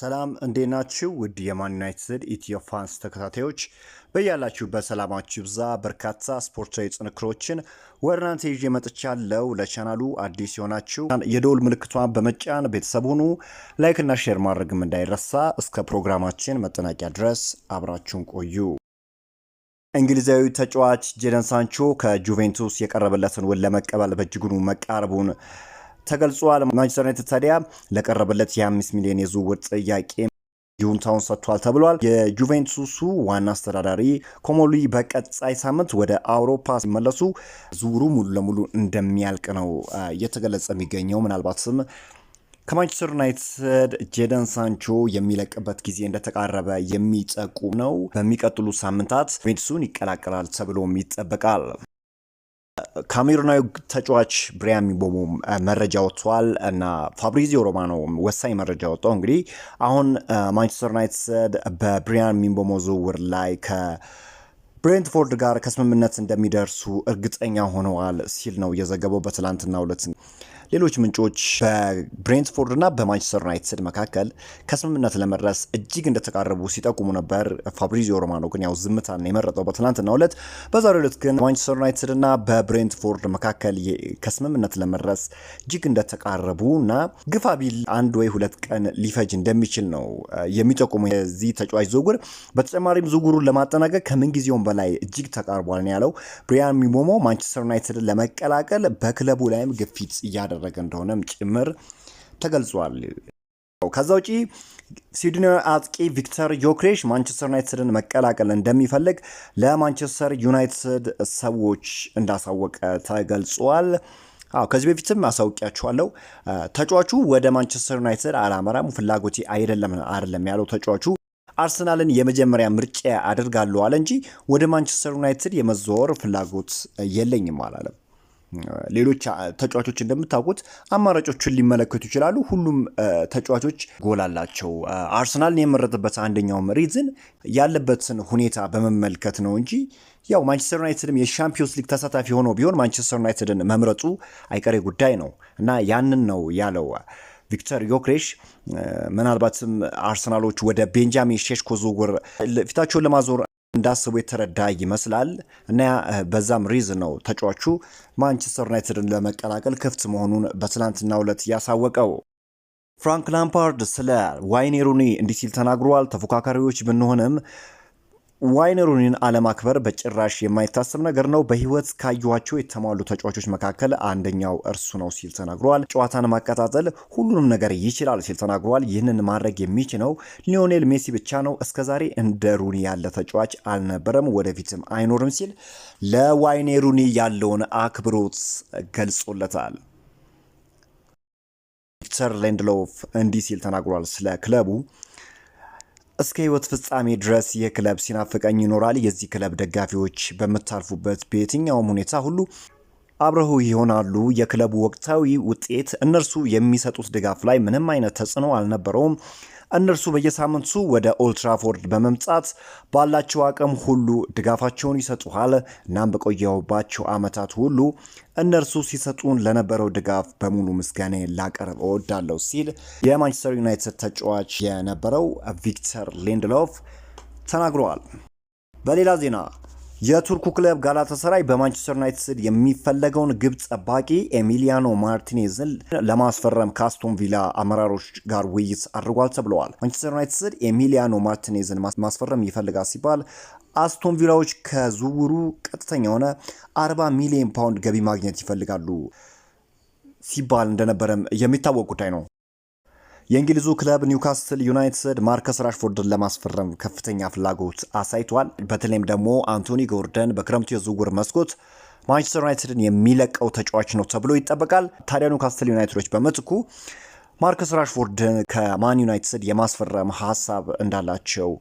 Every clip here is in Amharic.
ሰላም እንዴት ናችሁ? ውድ የማን ዩናይትድ ኢትዮ ፋንስ ተከታታዮች በያላችሁ በሰላማችሁ ብዛ። በርካታ ስፖርታዊ ጥንክሮችን ወደ እናንተ ይዤ መጥቻለሁ። ለቻናሉ አዲስ የሆናችሁ የዶል ምልክቷን በመጫን ቤተሰብ ሁኑ። ላይክና ሼር ማድረግም እንዳይረሳ። እስከ ፕሮግራማችን መጠናቂያ ድረስ አብራችሁን ቆዩ። እንግሊዛዊ ተጫዋች ጄደን ሳንቾ ከጁቬንቱስ የቀረበለትን ውል ለመቀበል በእጅጉኑ መቃረቡን ተገልጿል። ማንቸስተር ዩናይትድ ታዲያ ለቀረበለት የ5 ሚሊዮን የዝውውር ጥያቄ ይሁንታውን ሰጥቷል ተብሏል። የጁቬንቱሱ ዋና አስተዳዳሪ ኮሞሉ በቀጣይ ሳምንት ወደ አውሮፓ ሲመለሱ ዝውውሩ ሙሉ ለሙሉ እንደሚያልቅ ነው እየተገለጸ የሚገኘው ምናልባትም ከማንቸስተር ዩናይትድ ጄደን ሳንቾ የሚለቅበት ጊዜ እንደተቃረበ የሚጠቁም ነው። በሚቀጥሉ ሳምንታት ቬንቱሱን ይቀላቀላል ተብሎም ይጠበቃል። ካሜሩናዊ ተጫዋች ብሪያም ቦሞ መረጃ ወጥቷል እና ፋብሪዚዮ ሮማኖ ወሳኝ መረጃ ወጣው። እንግዲህ አሁን ማንቸስተር ዩናይትድ በብሪያም ሚንቦሞ ዝውውር ላይ ከ ብሬንትፎርድ ጋር ከስምምነት እንደሚደርሱ እርግጠኛ ሆነዋል ሲል ነው የዘገበው በትላንትና ሁለት ሌሎች ምንጮች በብሬንትፎርድ እና በማንቸስተር ዩናይትድ መካከል ከስምምነት ለመድረስ እጅግ እንደተቃረቡ ሲጠቁሙ ነበር። ፋብሪዚዮ ሮማኖ ግን ያው ዝምታን የመረጠው በትናንትናው ዕለት። በዛሬው ዕለት ግን ማንቸስተር ዩናይትድ እና በብሬንትፎርድ መካከል ከስምምነት ለመድረስ እጅግ እንደተቃረቡ እና ግፋ ቢል አንድ ወይ ሁለት ቀን ሊፈጅ እንደሚችል ነው የሚጠቁሙ የዚህ ተጫዋች ዝውውር። በተጨማሪም ዝውውሩን ለማጠናቀቅ ከምንጊዜውም በላይ እጅግ ተቃርቧል ያለው። ብሪያን ሚሞሞ ማንቸስተር ዩናይትድን ለመቀላቀል በክለቡ ላይም ግፊት እያደረገ እየተደረገ እንደሆነም ጭምር ተገልጿል። ከዛ ውጪ ስዊድናዊ አጥቂ ቪክተር ዮክሬሽ ማንቸስተር ዩናይትድን መቀላቀል እንደሚፈልግ ለማንቸስተር ዩናይትድ ሰዎች እንዳሳወቀ ተገልጿል። አዎ ከዚህ በፊትም አሳውቂያችኋለሁ። ተጫዋቹ ወደ ማንቸስተር ዩናይትድ አላመራም፣ ፍላጎቴ አይደለም አይደለም ያለው ተጫዋቹ አርሰናልን የመጀመሪያ ምርጫ አድርጋለሁ አለ እንጂ ወደ ማንቸስተር ዩናይትድ የመዘወር ፍላጎት የለኝም አላለም። ሌሎች ተጫዋቾች እንደምታውቁት አማራጮቹን ሊመለከቱ ይችላሉ። ሁሉም ተጫዋቾች ጎል አላቸው። አርሰናልን የመረጥበት አንደኛው ሪዝን ያለበትን ሁኔታ በመመልከት ነው እንጂ ያው ማንቸስተር ዩናይትድም የሻምፒዮንስ ሊግ ተሳታፊ ሆኖ ቢሆን ማንቸስተር ዩናይትድን መምረጡ አይቀሬ ጉዳይ ነው እና ያንን ነው ያለው ቪክተር ዮክሬሽ ምናልባትም አርሰናሎች ወደ ቤንጃሚን ሼሽኮ ዝውውር ፊታቸውን ለማዞር እንዳስቡ የተረዳ ይመስላል እና በዛም ሪዝ ነው ተጫዋቹ ማንቸስተር ዩናይትድን ለመቀላቀል ክፍት መሆኑን በትናንትናው ዕለት ያሳወቀው። ፍራንክ ላምፓርድ ስለ ዋይኔ ሩኒ እንዲህ ሲል ተናግሯል። ተፎካካሪዎች ብንሆንም ዋይነሩኒን ሩኒን አለማክበር በጭራሽ የማይታሰብ ነገር ነው። በህይወት ካየኋቸው የተሟሉ ተጫዋቾች መካከል አንደኛው እርሱ ነው ሲል ተናግሯል። ጨዋታን ማቀጣጠል ሁሉንም ነገር ይችላል ሲል ተናግሯል። ይህንን ማድረግ የሚችለው ሊዮኔል ሜሲ ብቻ ነው። እስከዛሬ እንደ ሩኒ ያለ ተጫዋች አልነበረም፣ ወደፊትም አይኖርም ሲል ለዋይኔ ሩኒ ያለውን አክብሮት ገልጾለታል። ቪክተር ሌንድሎፍ እንዲህ ሲል ተናግሯል ስለ ክለቡ እስከ ህይወት ፍጻሜ ድረስ ይህ ክለብ ሲናፍቀኝ ይኖራል። የዚህ ክለብ ደጋፊዎች በምታልፉበት በየትኛውም ሁኔታ ሁሉ አብረው ይሆናሉ። የክለቡ ወቅታዊ ውጤት እነርሱ የሚሰጡት ድጋፍ ላይ ምንም አይነት ተጽዕኖ አልነበረውም። እነርሱ በየሳምንቱ ወደ ኦልትራፎርድ በመምጣት ባላቸው አቅም ሁሉ ድጋፋቸውን ይሰጡሃል። እናም በቆየሁባቸው ዓመታት ሁሉ እነርሱ ሲሰጡን ለነበረው ድጋፍ በሙሉ ምስጋኔ ላቀርብ እወዳለሁ ሲል የማንቸስተር ዩናይትድ ተጫዋች የነበረው ቪክተር ሊንድሎፍ ተናግረዋል። በሌላ ዜና የቱርኩ ክለብ ጋላተሰራይ በማንቸስተር ዩናይትድ የሚፈለገውን ግብ ጠባቂ ኤሚሊያኖ ማርቲኔዝን ለማስፈረም ከአስቶን ቪላ አመራሮች ጋር ውይይት አድርጓል ተብለዋል። ማንቸስተር ዩናይትድ ኤሚሊያኖ ማርቲኔዝን ማስፈረም ይፈልጋል ሲባል አስቶን ቪላዎች ከዝውውሩ ቀጥተኛ የሆነ 40 ሚሊዮን ፓውንድ ገቢ ማግኘት ይፈልጋሉ ሲባል እንደነበረም የሚታወቅ ጉዳይ ነው። የእንግሊዙ ክለብ ኒውካስትል ዩናይትድ ማርከስ ራሽፎርድን ለማስፈረም ከፍተኛ ፍላጎት አሳይቷል። በተለይም ደግሞ አንቶኒ ጎርደን በክረምቱ የዝውውር መስኮት ማንቸስተር ዩናይትድን የሚለቀው ተጫዋች ነው ተብሎ ይጠበቃል። ታዲያ ኒውካስትል ዩናይትዶች በምትኩ ማርከስ ራሽፎርድን ከማን ዩናይትድ የማስፈረም ሀሳብ እንዳላቸው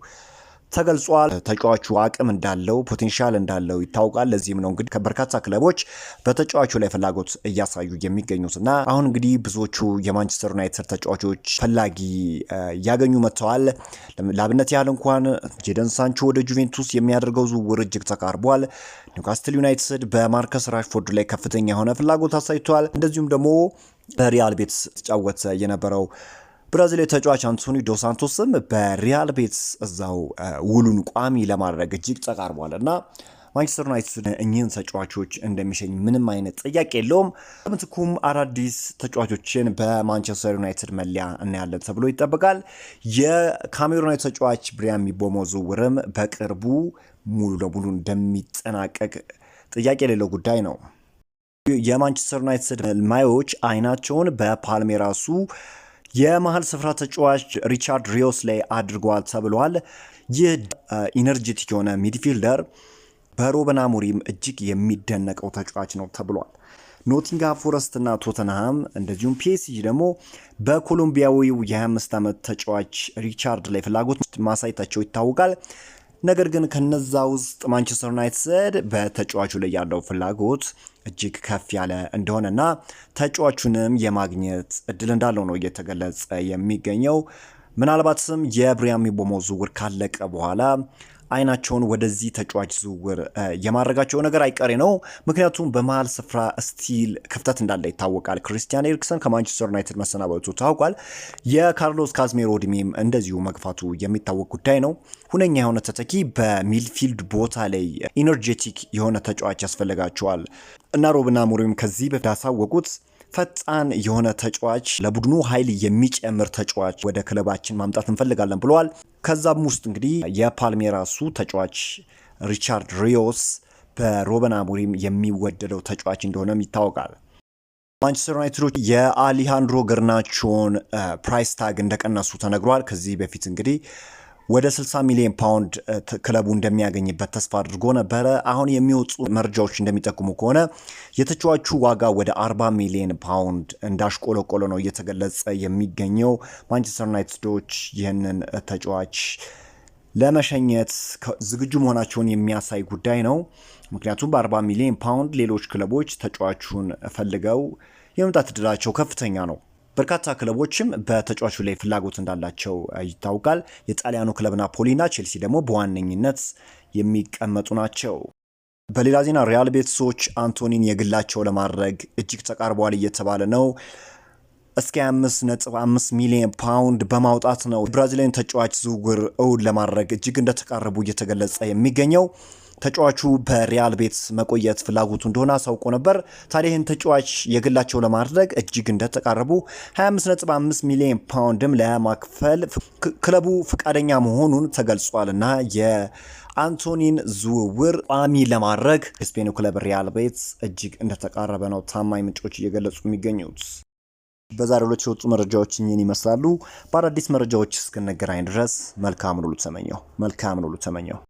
ተገልጿል። ተጫዋቹ አቅም እንዳለው ፖቴንሻል እንዳለው ይታወቃል። ለዚህም ነው እንግዲህ ከበርካታ ክለቦች በተጫዋቹ ላይ ፍላጎት እያሳዩ የሚገኙት እና አሁን እንግዲህ ብዙዎቹ የማንቸስተር ዩናይትድ ተጫዋቾች ፈላጊ እያገኙ መጥተዋል። ለአብነት ያህል እንኳን ጄደን ሳንቾ ወደ ጁቬንቱስ የሚያደርገው ዝውውር እጅግ ተቃርቧል። ኒውካስትል ዩናይትድ በማርከስ ራሽፎርድ ላይ ከፍተኛ የሆነ ፍላጎት አሳይቷል። እንደዚሁም ደግሞ በሪያል ቤትስ ተጫወተ የነበረው ብራዚል ተጫዋች አንቶኒ ዶሳንቶስም በሪያል ቤትስ እዛው ውሉን ቋሚ ለማድረግ እጅግ ተቃርቧል እና ማንቸስተር ዩናይትድ እኚህን ተጫዋቾች እንደሚሸኝ ምንም አይነት ጥያቄ የለውም። ምትኩም አዳዲስ ተጫዋቾችን በማንቸስተር ዩናይትድ መለያ እናያለን ተብሎ ይጠበቃል። የካሜሩናዊ ተጫዋች ብሪያን ምቤሞ ዝውውርም በቅርቡ ሙሉ ለሙሉ እንደሚጠናቀቅ ጥያቄ የሌለው ጉዳይ ነው። የማንቸስተር ዩናይትድ ማዮች አይናቸውን በፓልሜራሱ የመሀል ስፍራ ተጫዋች ሪቻርድ ሪዮስ ላይ አድርጓል ተብሏል። ይህ ኢነርጂቲክ የሆነ ሚድፊልደር በሮበን አሞሪም እጅግ የሚደነቀው ተጫዋች ነው ተብሏል። ኖቲንጋ ፎረስት እና ቶተንሃም እንደዚሁም ፒኤስጂ ደግሞ በኮሎምቢያዊው የ25 ዓመት ተጫዋች ሪቻርድ ላይ ፍላጎት ማሳየታቸው ይታወቃል። ነገር ግን ከነዛ ውስጥ ማንቸስተር ዩናይትድ በተጫዋቹ ላይ ያለው ፍላጎት እጅግ ከፍ ያለ እንደሆነና ተጫዋቹንም የማግኘት እድል እንዳለው ነው እየተገለጸ የሚገኘው። ምናልባትም የብሪያን ምቤሞ ዝውውር ካለቀ በኋላ አይናቸውን ወደዚህ ተጫዋች ዝውውር የማድረጋቸው ነገር አይቀሬ ነው። ምክንያቱም በመሀል ስፍራ ስቲል ክፍተት እንዳለ ይታወቃል። ክሪስቲያን ኤሪክሰን ከማንቸስተር ዩናይትድ መሰናበቱ ታውቋል። የካርሎስ ካዝሜሮ እድሜም እንደዚሁ መግፋቱ የሚታወቅ ጉዳይ ነው። ሁነኛ የሆነ ተተኪ በሚልፊልድ ቦታ ላይ ኢነርጄቲክ የሆነ ተጫዋች ያስፈልጋቸዋል እና ሮብና ሙሪም ከዚህ በፊት ያሳወቁት ፈጣን የሆነ ተጫዋች ለቡድኑ ኃይል የሚጨምር ተጫዋች ወደ ክለባችን ማምጣት እንፈልጋለን ብለዋል። ከዛም ውስጥ እንግዲህ የፓልሜራሱ ተጫዋች ሪቻርድ ሪዮስ በሮበን አሞሪም የሚወደደው ተጫዋች እንደሆነም ይታወቃል። ማንቸስተር ዩናይትዶች የአሊሃንድሮ ገርናቾን ፕራይስ ታግ እንደቀነሱ ተነግሯል። ከዚህ በፊት እንግዲህ ወደ 60 ሚሊዮን ፓውንድ ክለቡ እንደሚያገኝበት ተስፋ አድርጎ ነበረ። አሁን የሚወጡ መረጃዎች እንደሚጠቁሙ ከሆነ የተጫዋቹ ዋጋ ወደ 40 ሚሊዮን ፓውንድ እንዳሽቆለቆለ ነው እየተገለጸ የሚገኘው። ማንቸስተር ዩናይትዶች ይህንን ተጫዋች ለመሸኘት ዝግጁ መሆናቸውን የሚያሳይ ጉዳይ ነው። ምክንያቱም በ40 ሚሊዮን ፓውንድ ሌሎች ክለቦች ተጫዋቹን ፈልገው የመምጣት ዕድላቸው ከፍተኛ ነው። በርካታ ክለቦችም በተጫዋቹ ላይ ፍላጎት እንዳላቸው ይታወቃል። የጣሊያኑ ክለብ ናፖሊና ቼልሲ ደግሞ በዋነኝነት የሚቀመጡ ናቸው። በሌላ ዜና ሪያል ቤቲሶች አንቶኒን የግላቸው ለማድረግ እጅግ ተቃርበዋል እየተባለ ነው። እስከ 5.5 ሚሊዮን ፓውንድ በማውጣት ነው ብራዚላዊን ተጫዋች ዝውውር እውን ለማድረግ እጅግ እንደተቃረቡ እየተገለጸ የሚገኘው ተጫዋቹ በሪያል ቤትስ መቆየት ፍላጎቱ እንደሆነ አሳውቆ ነበር። ታዲያ ይህን ተጫዋች የግላቸው ለማድረግ እጅግ እንደተቃረቡ 255 ሚሊዮን ፓውንድም ለማክፈል ክለቡ ፈቃደኛ መሆኑን ተገልጿል እና የአንቶኒን ዝውውር ቋሚ ለማድረግ የስፔኑ ክለብ ሪያል ቤትስ እጅግ እንደተቃረበ ነው ታማኝ ምንጮች እየገለጹ የሚገኙት። በዛሬ ሁለት የወጡ መረጃዎች እኚህን ይመስላሉ። በአዳዲስ መረጃዎች እስክንገናኝ ድረስ መልካም ሉሉ ተመኘው መልካም ሉሉ ተመኘው።